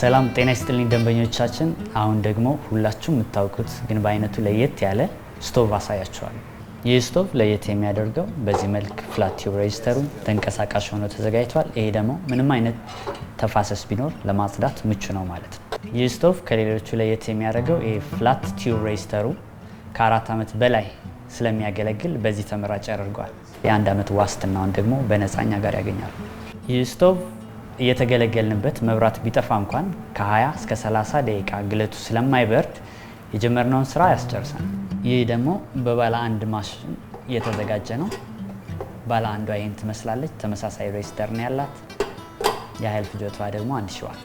ሰላም ጤና ይስጥልኝ ደንበኞቻችን። አሁን ደግሞ ሁላችሁ የምታውቁት ግን በአይነቱ ለየት ያለ ስቶቭ አሳያችኋል። ይህ ስቶቭ ለየት የሚያደርገው በዚህ መልክ ፍላት ቲዩብ ሬጅስተሩ ተንቀሳቃሽ ሆኖ ተዘጋጅቷል። ይሄ ደግሞ ምንም አይነት ተፋሰስ ቢኖር ለማጽዳት ምቹ ነው ማለት ነው። ይህ ስቶቭ ከሌሎቹ ለየት የሚያደርገው ይሄ ፍላት ቲዩብ ሬጅስተሩ ከአራት ዓመት በላይ ስለሚያገለግል በዚህ ተመራጭ ያደርገዋል። የአንድ ዓመት ዋስትናውን ደግሞ በነፃኛ ጋር ያገኛሉ። ይህ ስቶቭ እየተገለገልንበት መብራት ቢጠፋ እንኳን ከ20 እስከ 30 ደቂቃ ግለቱ ስለማይበርድ የጀመርነውን ስራ ያስጨርሳል። ይህ ደግሞ በባለ አንድ ማሽን እየተዘጋጀ ነው። ባለ አንዷ ይህን ትመስላለች። ተመሳሳይ ሬጅስተር ነው ያላት። የኃይል ፍጆቷ ደግሞ አንድ ሺህ ዋት